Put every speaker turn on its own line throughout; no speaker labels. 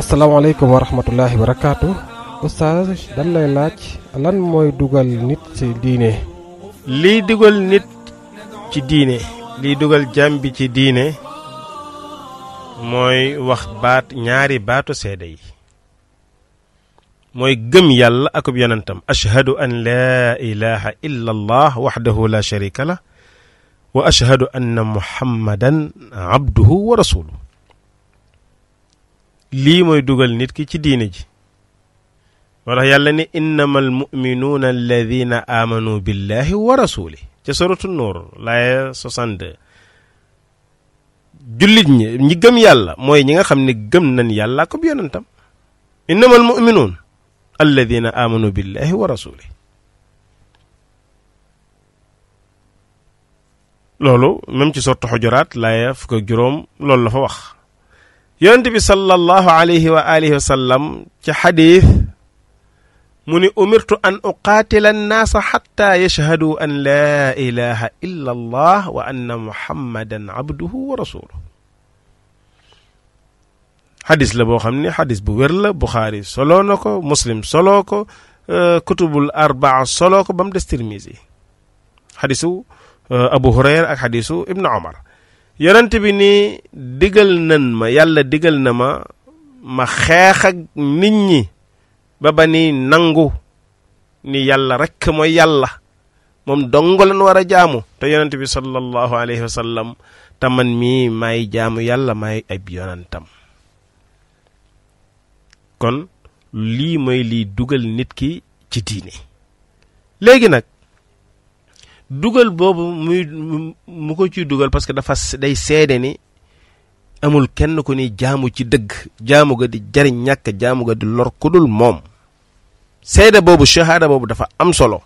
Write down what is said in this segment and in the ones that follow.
asalaamaaleykum wa rahmatullahi wa barakaatu. oustaz dañ laaj lan mooy dugal nit ci diine. liy dugal nit ci diine. liy dugal jàmm bi ci diine mooy wax baat ñaari baatu seede yi mooy gëm yàlla akub yonentam ashhadu an laa ilaha illa allah waxdahu la sharika la wa ashhadu anna muhammadan abduhu lii mooy dugal nit ki ci diine ji moo tax yàlla ne innamal muminuuna alladina aamanu billahi wa rasuli ca suratu nuur laaya 62 jullit ñi ñi gëm yàlla mooy ñi nga xam ni gëm nañ yàlla ko yonentam innamal muminuun alladina aamanu billahi wa rasuli loolu même ci sortu xujuraat laaya fukk juróom loolu la fa wax yonent bi sallallahu alayhi wa alihi wa sallam xadiis mu ni umirtu an uqaatila annaasa xatta yashhadu an laa ilaha illa allah wa anna muhammadan abduhu wa rasuluh xadis la boo xam ne xadis bu wér la buxaari ko muslim soloo ko euh, kutubul arbaa soloo ko ba des tirmisi xadisu euh, abu hurayra ak xadisu ibnu omar yonent bi ni digal nan ma yàlla digal na ma ma xeex ak nit ñi ba ba ni nangu ni yàlla rek mooy yàlla moom dong lañ war a jaamu te yonent bi sallallahu alayhi wa sallam te man mii maay jaamu yàlla maay ab yonentam kon lii mooy lii dugal nit ki ci diine léegi nag dugal boobu muy mu ko ciy dugal parce que dafa day seede ni amul kenn ku ni jaamu ci dëgg jaamu ga di jariñ ñàkk jaamu ga di lor ku dul moom seede boobu shahaada boobu dafa am solo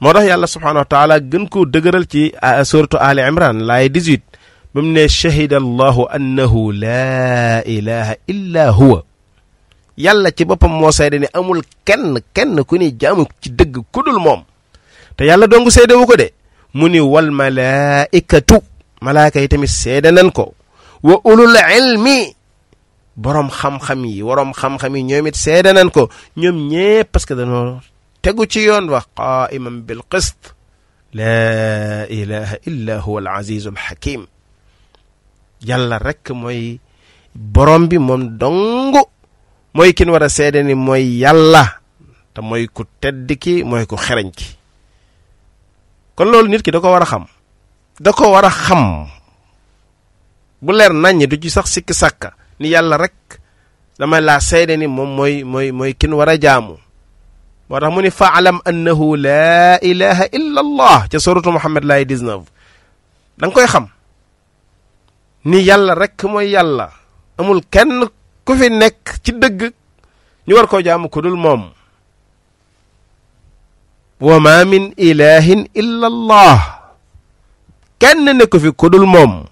moo tax yàlla subhaanahu wa taala gën koo dëgëral ci suratu ali imran laay 18 ba mu ne shahida allahu annahu laa ilaha illa huwa yàlla ci boppam moo seede ni amul kenn kenn ku ni jaamu ci dëgg ku moom te yàlla dong seedewu ko de mu ni wal malaikatu malaaka yi tamit seede nan ko wa ulul ilmi borom xam-xam yi waroom xam yi ñoom it seede nan ko ñoom ñëpp parce que dañoo tegu ci yoon wax qaiman bil qist la ilaha illa huwa al azizu al rek mooy borom bi moom dong mooy kin war a seede ni mooy yàlla te mooy ku tedd ki mooy ku xereñ ki kon loolu nit ki da ko war a xam da war a xam bu leer naññ du ci sax sikki sàkka ni yàlla rek dama la seede ni moom moy mooy kin war a jaamu moo tax mu ni faalam annahu laa ilaha illa allah ca suratu muhammad laay 19 da koy xam ni yàlla rek mooy yàlla amul kenn ku fi ci dëgg ñu war koo jaamu ku dul moom wa ma min ilahin illa allah kenn nekku fi ku dul moom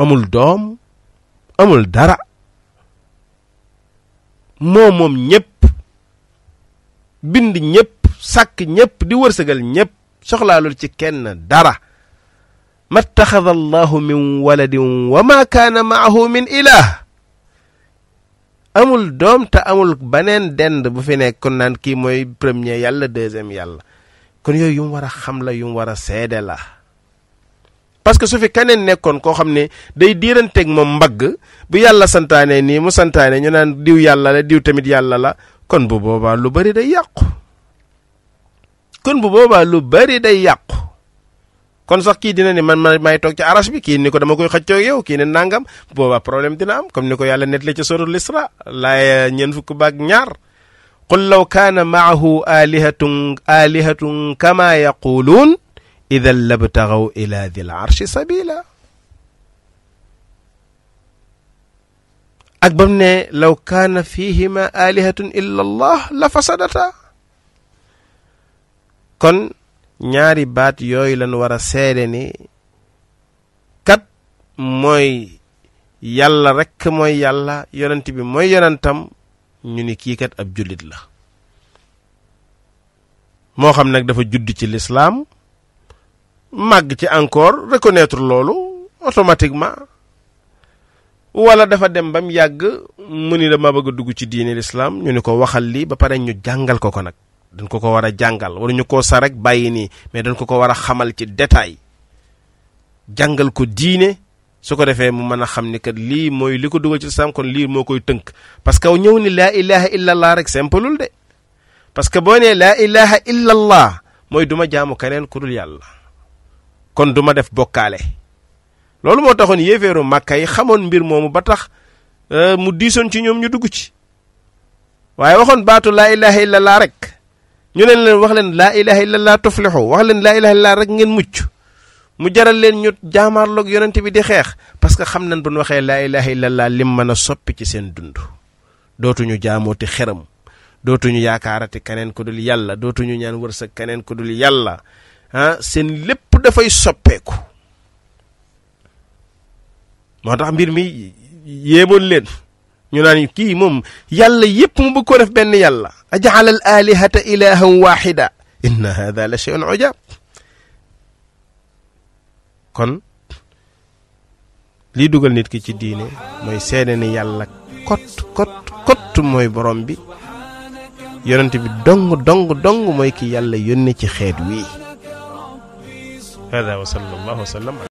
amul doom amul dara moo moom ñépp bind ñépp sàkk ñépp di wërsëgal ñépp soxlaalul ci kenn dara ma attaxada allahu min waladin wa ma kaana maahu min ilah amul doom te amul beneen dend bu fi nekk naan kii mooy premier yàlla deuxième yàlla kon yooyu yu mu war a xam la yu mu war a seede la parce que su fi keneen nekkoon koo xam ne day diiranteeg moom mbagg bu yàlla santaane nii mu santaane ñu naan diw yàlla la diw tamit yàlla la kon bu boobaa lu bari day yàqu kon bu boobaa lu bari day yàqu kon sax kii dina ni man ma may toog ci arash bi kii ni ko dama koy xëccoo yow kii ne nangam booba problème dina am comme ni ko yàlla nettali ci suratul Isra laay eh, ñeen fukk baak ñaar qul law kaana maahu alihatun alihatun kama yaquluun idan labtagaw ila dil allah la fasadata kon ñaari baat yooyu lañ war a seede ni kat mooy yàlla rekk mooy yàlla yonent bi mooy yonentam ñu ni kiikat ab jullit la moo xam nag dafa judd ci lislaam màgg ci encore reconnaître loolu automatiquement wala dafa dem ba mu yàgg mu ni dama bëgg a dugg ci diine lislaam ñu ni ko waxal lii ba pare ñu jàngal ko ko nag dañ ko ko war a jàngal waruñu koo sa rek bàyyi nii mais dañ ko ko war a xamal ci détail jàngal ko diine su ko defee mu mën a xam ni kat lii mooy li ko dugal ci lislaam kon lii moo koy tënk parce que ñëw ni laa ilaha illa allah rek simpalul de parce que boo nee laa ilaha illa allah mooy duma jaamu keneen ku dul yàlla kon duma def bokkaale loolu moo taxoon yéeféeru màkka yi xamoon mbir moomu ba tax euh, mu diisoon ci ñoom ñu dugg ci waaye waxoon baatu laa ilaha illa allah ñu leen leen wax leen laa ilaha illallah tuflixu wax leen laa ilaha illallah rek ngeen mucc mu jaral leen ñu jaamaarloog yonent bi di xeex parce que xam nañ bu ñu waxee laa ilaha illallah lim mën a soppi ci seen dund dootuñu jaamooti xeram dootuñu yaakaarati keneen ku dul yàlla dootuñu ñaan wërsëg keneen ku dul yàlla ah, seen lépp dafay soppeeku moo tax mbir mi yéemoon leen ñu naan kii moom yàlla yëpp mu bëgg koo def benn yàlla ajaal al alihata ilahan waxida inna hada la cheyun ojab kon lii dugal nit ki ci diine mooy seede ni yàlla kot kot kot mooy borom bi yonent bi dong dong dong mooy ki yàlla yónne ci xeet wii